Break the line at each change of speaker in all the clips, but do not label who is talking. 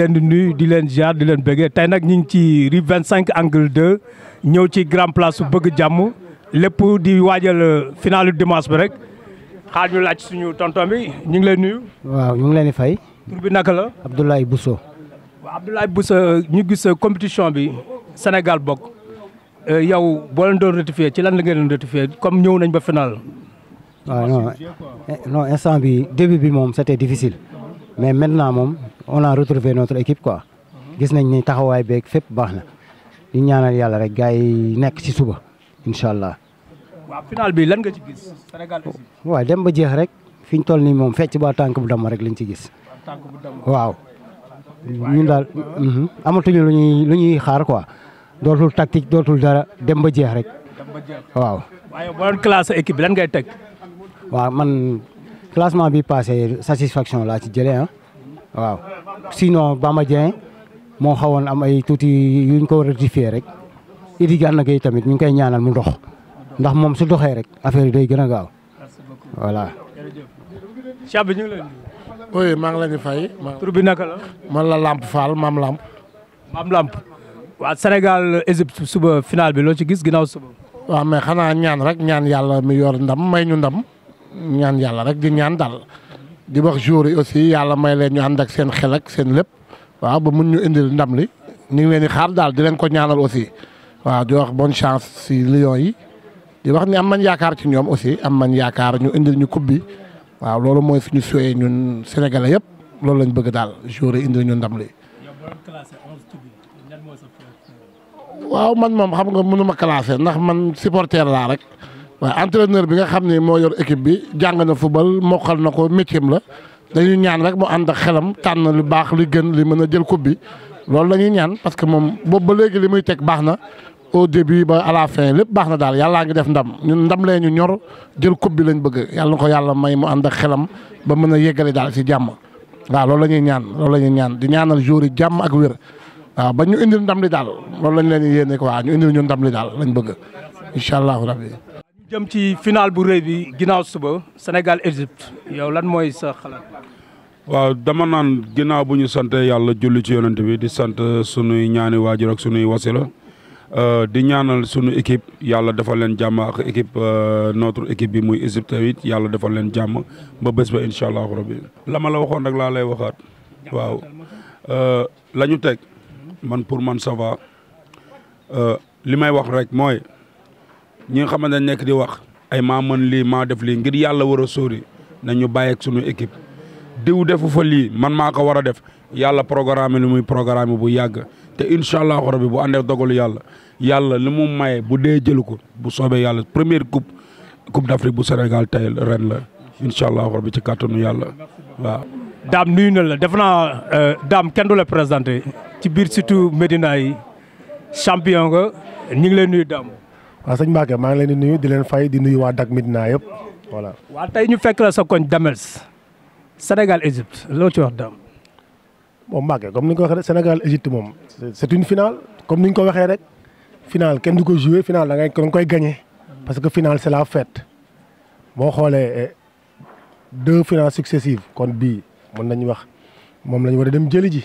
leen di nuyu di leen ziar di leen bëggee tey nag ñu ngi ci rue 25 angle 2 ñëw ci grand place bëgg jàmm lépp di waajal euh, finalu dimanche bi rek xaar ñu laaj suñu tonton bi ñu ngi leen nuyu. waaw ñu ngi leen di fay. tur bi naka la.
Abdoulaye Bousso.
waaw Abdoulaye Bousso ñu gis euh, compétition bi Sénégal bokk euh, yow boo leen doon ratifié ci lan la ngeen doon ratifié comme ñëw nañ ba final.
waaw non eh, non instant bi début bi moom c'était difficile. mais maintenant moom on a retrouvé notre équipe quoi gis nañ ni taxawaay beeg fépp baax na ñu ñaanal yàlla rek gars yi nekk ci suba incha allah.
waaw lan nga ci gis Sénégal
waaw dem ba jeex rek fi ñu toll nii moom fecc ba tànk bu dama rek lañ ci gis. waaw. ñun daal mhm. amatuñu lu ñuy lu ñuy xaar quoi dootul tactique dootul dara dem ba jeex rek. waaw man classement bi passé satisfaction laa ci jëlee ah waaw sinon Bamba moo xawoon am ay tuuti yuñ ko rectifier rek Idi Gana tamit ñu ngi koy ñaanal mu dox ndax moom su doxee rek affaire yi day gën a gaaw voilà.
Cheikh bi ñu ngi ngi fay. tur bi naka la. man la Lamp Fall maam Lamp. maam Lamp. waa Sénégal Égypte suba final bi loo ci gis ginnaaw suba. waaw mais xanaa ñaan rek ñaan yàlla mi yor ndam may ñu ndam. ñaan yàlla rek di ñaan daal di wax jour yi aussi yàlla may leen ñu ànd ak seen xel ak seen lépp waaw ba mun ñu indil ndam li ñu ngi leen di xaar daal di leen ko ñaanal aussi waaw di wax bonne chance si Lions yi di wax ni am man yaakaar ci ñoom aussi am man yaakaar ñu indil ñu coupe bi waaw loolu mooy suñu souhait ñun sénégalais yëpp loolu lañ bëgg daal jour yi indil ñu ndam li waaw man moom xam nga mënuma classé ndax man supporter laa rek waaye entreneur bi nga xam ne moo yor équipe bi jàng na football mokkal na ko métier la dañuy ñaan rek mu ànd ak xelam tànn lu baax li gën li mën a jël coupe bi loolu la ñuy ñaan parce que moom boobu ba léegi li muy teg baax na au début ba à fin lépp baax na daal yàllaa ngi def ndam ñu ndam lee ñu ñor jël coupe bi lañ bëgg yàlla na ko yàlla may mu ànd ak xelam ba mën a yeggale daal si jàmm waaw loolu lañuy ñaan loolu la ñuy ñaan di ñaanal jour yi jàmm ak wér waaw ba ñu indil ndam li daal loolu lañ leen di yéene quoi ñu indil ñu ndam li daal lañ bëgg incha allahu rabbi
jëm ci final bu rëy bi ginnaaw suba Sénégal Égypte yow lan mooy sa xalaat.
waaw dama naan ginnaaw bu ñu sant yàlla julli ci yonent bi di sant sunuy ñaani waajur ak sunuy wasila euh, di ñaanal sunu équipe yàlla defal leen jàmm ak équipe euh, notre équipe bi muy Égypte tamit yàlla defal leen jàmm ba bés ba incha allahu rabbi la ma la waxoon rek laa lay waxaat waaw euh, la ñu teg man pour man ça va li may wax rek mooy. ñi nga xamante ne nekk di wax ay maa lii maa def lii ngir yàlla war a sóori nañu bàyyi ak sunu équipe diw defu fa lii man maa ko war a def yàlla programme li muy programme bu yàgg te incha allahu rabbi bu àndee dogalu yàlla yàlla li mu may bu dee jël ko bu soobee yàlla première coupe coupe d'Afrique bu Sénégal tey ren la incha allahu rabbi ci kàttanu yàlla waaw. daam nuyu na la def naa
euh, daam kenn du la présenté ci biir surtout Medina yi champion nga ñu ngi lay nuyu daam.
waaw sëñ Mbacke maa ngi leen di nuyu di leen fay di nuyu waa Dak Médina yëpp voilà.
waa tey ñu fekk la sa koñ Damels Sénégal Égypte loo ci wax dam
bon Mbacke comme ni nga ko waxee Sénégal Égypte moom c'est une finale comme ni nga ko waxee rek finale kenn du ko joué finale da ngay da nga koy gagné parce que finale c'est la fête boo xoolee eh, deux finales successives kon bii mën nañu wax moom la ñu war a dem jëli ji.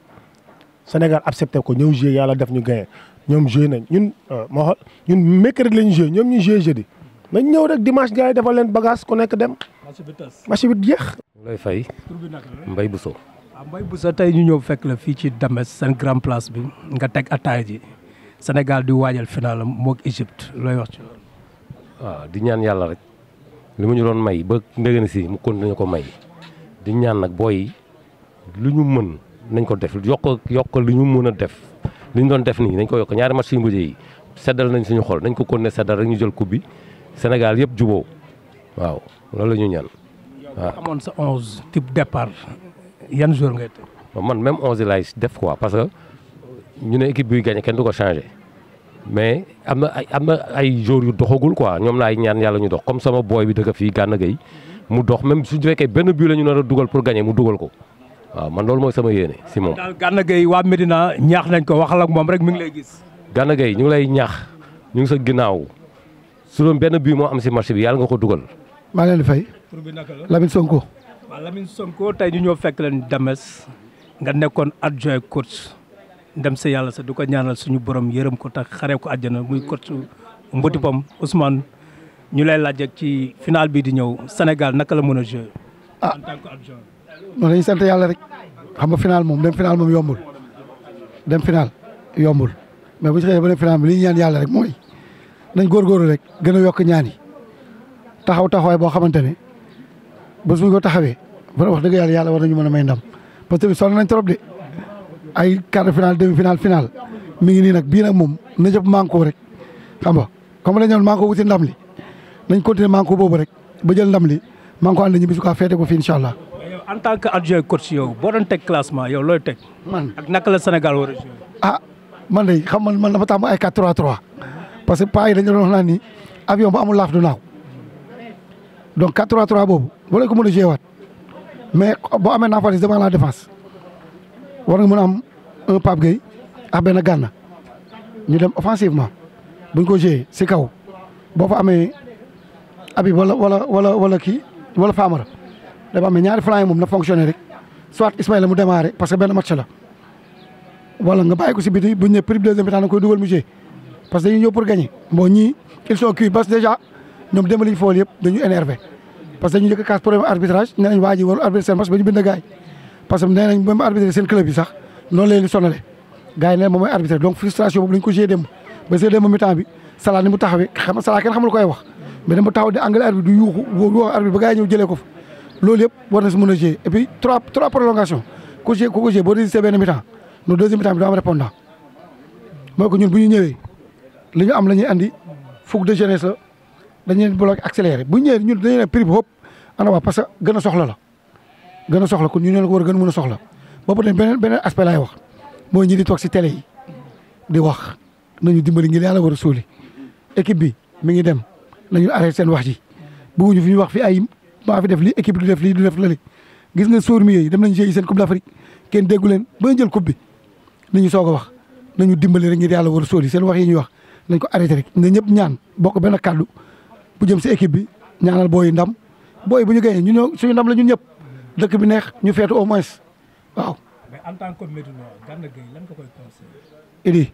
Sénégal accepté ko ñëw joué yàlla def ñu gagné ñoom joué nañ ñun euh, moo ñun mercredi lañ joué ñoom ñu joué jeudi nañ ñëw rek dimanche gars yi defal leen bagage ku nekk dem.
match bi jeex. lay fay Mbaye Bousso. waaw ah, Mbaye Bousso tey ñu ñëw fekk la fii ci Dames seen grand place bi nga teg attaay ji di waajal finalam moog Égypte looy wax ci ah, di ñaan yàlla rek ñu doon may ba ndégéen si mu continué ko may di ñaan nag booy lu ñu mën. nañ ko def yokk yokk li ñu mun a def li ñu doon def nii nañ ko yokk ñaari match bu mujj seddal nañ suñu xol nañ ko continuer seddal rek ñu jël coupe bi Sénégal yëpp juboo waaw loolu la ñu ñaan waaw. amoon sa 11 type départ yan jour ngay man même 11 laay def quoi parce que ñu ne équipe buy gagné kenn du ko changé mais am na ay am na ay jours yu doxagul quoi ñoom laay ñaan yàlla ñu dox comme sama booy bi dëkk fii Gana Gueye mu dox même su fekkee benn bii la ñu nar dugal pour gañee mu dugal ko. Ah, man loolu moy sama yene simon moom. daal Gana Gueye Medina ñaax nañ ko waxal ak mom rek mi ngi lay gis. ganna gay ñu lay ñaax ñu sa ginaaw su doon benn bi mo am ci marché bi yalla nga ko duggal
ma ngi leen fay. tur bi naka la Lamine
Sonko. ma Lamine Sonko tay ñu ñoo fekk leen damas nga nekkon adjoy coach ndam sa yalla sa duko ñaanal suñu borom yeeram ko tak xare ko aljana muy coach Mbouti Pom Ousmane ñu lay laaj ci final bi di ñew senegal naka la mëna jouer.
Ah. en tant que adjoint.
noonu dañuy sant yàlla rek xam nga final moom dem final moom yombul dem final yombul mais bu ñu ba dem final bi lii ñu ñaan yàlla rek mooy nañ góor rek gën a yokk ñaan taxaw taxawaay boo xamante ne ba suñ ko taxawee wax dëgg yàlla yàlla war ñu mën na may ndam parce que sonn nañ trop de ay quart de finale demi finale finale mi ngi nii nag bii nag moom na jëpp manko rek xam nga comme la ñoon manko wuti ndam li nañ continuer manko boobu rek ba jël ndam li manko ànd ñibbi su ko fête
yow en tant que adjoint coach yow boo doon teg classement yow looy teg. man ak naka la Sénégal war a joué.
ah man de xam man man dafa ay 4-3-3 parce que paa yi dañu doon wax naan ni avion bu amul laaf du naaw donc 4-3-3 boobu wala ko mën a joué waat mais boo amee Nampalys devant la défense war nga mën a am un Pape Gueye benn Gana ñu dem offensivement buñ ko joué si kaw boo fa amee abi wala wala wala wala kii wala Famara. dafa am ñaari flanc mom na fonctionner rek soit Ismaïla mu démarrer parce que ben match la wala nga bayiko ci si biti bu ñe nee prime deuxième mi-temps nga duggal dugal mu jee parce que dañuy ñëw pour gagner bon ñi ils sont cuits parce que déjà ñom dem nañu fool yépp dañu énervé parce que ñu jëk a casse problème arbitrage nee nañ waa ji arbitre seen match bañu bind gaay parce que nee nañ même arbitre seen club yi sax non lay li sonalé gaay né momay nee arbitre donc frustration bobu lañ ko jé dem ba sé dem mi-temps bi salat ni mu taxawé xam Salah ken xamul koy wax mais dama taxaw di angle arbitre du yuxu wo arbitre ba gaay yi jëlé ko fa loolu yëpp war na si mun a jouer et puis trois trois prolongation ku jouer ku ko jouer boo résisté benn mi-temps no deuxième mi bi doo am répondant mooy que ñun bu ñu ñëwee li ñu am la ñuy andi fukk de jeunesse la dañu leen bloqué accéléré bu ñëwee ñun dañu leen prix bi hop ana waa parce que gën a soxla la gën a soxla kon ñu ñoo ko war a gën a mën a soxla boobu tamit beneen beneen aspect laay wax mooy ñi di toog si tele yi di wax nañu dimbali ngir yàlla war a suuli équipe bi mi ngi dem nañu arrêté seen wax ji bëgguñu fi ñu wax fi ay maa fi def lii équipe du def lii du def lële gis nga sóor mi yooyu dem nañ jëyi seen coupe d'Afrique kenn déggu leen ba jël coupe bi li ñu soog a wax nañu dimbali rek ñi yàlla war a sóor seen wax yi ñuy wax nañ ko arrêté rek na ñëpp ñaan bokk benn kàddu bu jëm si équipe bi ñaanal booy ndam booy bu ñu gañee ñu ñoo suñu ndam la ñun ñëpp dëkk bi neex ñu feetu au moins waaw.
mais en tant que médecin Gana Gueye lan nga koy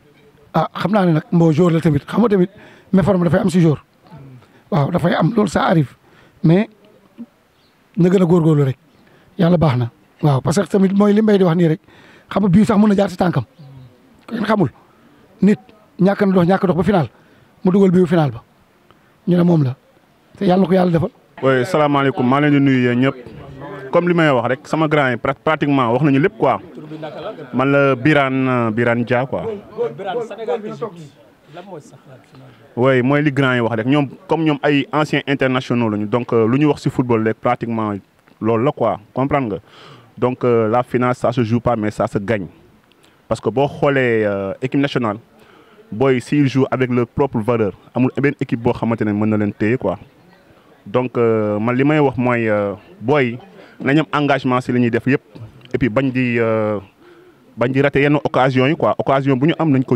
ah xam naa ne nag mboo jour la tamit xam nga tamit méforme dafay am si jour hmm. waaw dafay am loolu ça arrive na gëna gor gorlu rek yalla baxna waaw parce que tamit moy limbay di wax ni rek xam nga sax mëna na jaar si tànkam kenn xamul nit ñak na dox ñak dox ba final mu duggal bii final
ba
ñu
na mom la te yalla ko yalla defal.
way oui alaykum ma lay ñu nuyu yéen ñëpp comme limay wax rek sama grand yi pratiquement wax nañu lepp quoi man la biran biran ja quoi.
biran lan mooy sa xalaat
oui mooy li grand wax rek comme ñoom ay anciens internationaux donc euh, lu wax ci football rek pratiquement loolu la quoi comprendre nga donc euh, la finale ça se joue pas mais ça se gagne parce que boo xoolee euh, équipe nationale booy ils jouent avec leur propre valeur amul benn équipe boo xamante ne mën na leen quoi donc man li may wax mooy c'est nañ am engagement ci li def yépp et puis bañ di bañ di rater yenn occasion yi quoi occasion bu ñu am nañ ko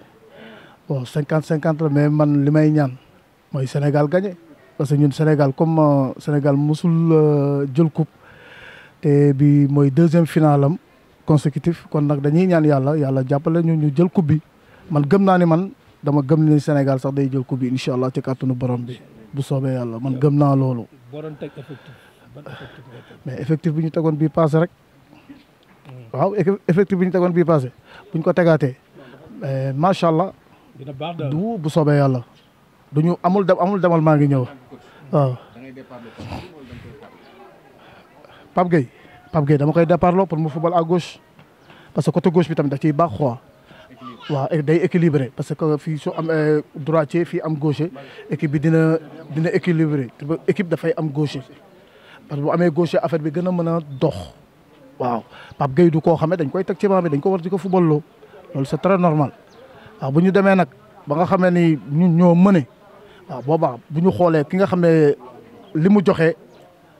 bon cinquante cinquante mais man li may ñaan mooy Sénégal gagné parce que ñun Sénégal comme euh, Sénégal musul euh, jël coupe te bi mooy deuxième finale am consécutif kon nag dañuy ñaan yàlla yàlla jàppale ñu ñu jël coupe bi man gëm naa ni man dama gëm ni Sénégal sax day jël coupe bi incha allah ci kàttanu borom bi bu soobee yàlla man gëm naa loolu. mais effectif bi ñu tegoon bii passé rek waaw effectif bi ñu tegoon bii passé buñ ko tegaatee macha allah.
dina baax daal du
bu soobee yàlla du ñu amul dem amul demal maa ngi ñëw waaw. Pape Gueye Pape dama koy départ loo pour mu football à gauche parce que côté gauche bi tamit da ciy baax quoi waaw day équilibré parce que fii soo am euh, droitier fii am gaucher équipe bi dina dina équilibré équipe dafay am gaucher parce que bu amee gaucher affaire bi gën a mën a dox waaw Pape Gueye du koo xamee dañ koy teg ci maam bi dañ ko war di ko football loolu c'est très normal. waaw bu ñu demee nag ba nga xamee ni ñun ñoo mëne waaw boobaa bu ñu xoolee ki nga xam ne li mu joxe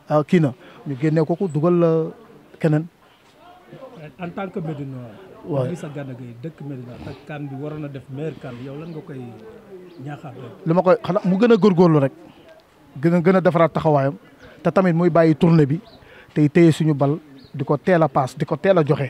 ah, kii na ñu génnee ko ko dugal la keneen.
en tant que Médinois. waaw Idrissa Gana Gueye dëkk Médina te kan bi waroon na def meilleur kan yow lan nga koy ñaaxaat
li ma koy xanaa mu gën a góorgóorlu rek gën a gën a defaraat taxawaayam te tamit muy bàyyi tournée bi tey téye suñu bal di ko teel a paas di ko teel a joxe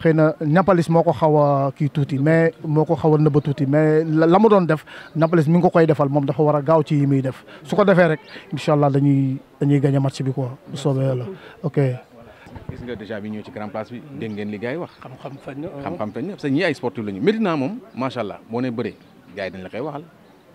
xëy na ñampalis moo ko xaw a kii tuuti mais moo ko xaw a nëbba tuuti mais la mu doon def ñampalis mi ngi ko koy defal moom dafa war a gaaw ci yi def su ko defee rek incha allah dañuy dañuy gagné match bi quoi bu soobee yàlla
nga déjà bi ñëw ci grand bi dégg ngeen li gars yi wax. xam-xam feeñ euh. na xam-xam feeñ na parce que ñii ay sportif lañu Medina moom macha allah boo ne bëree gars yi dañ la waxal.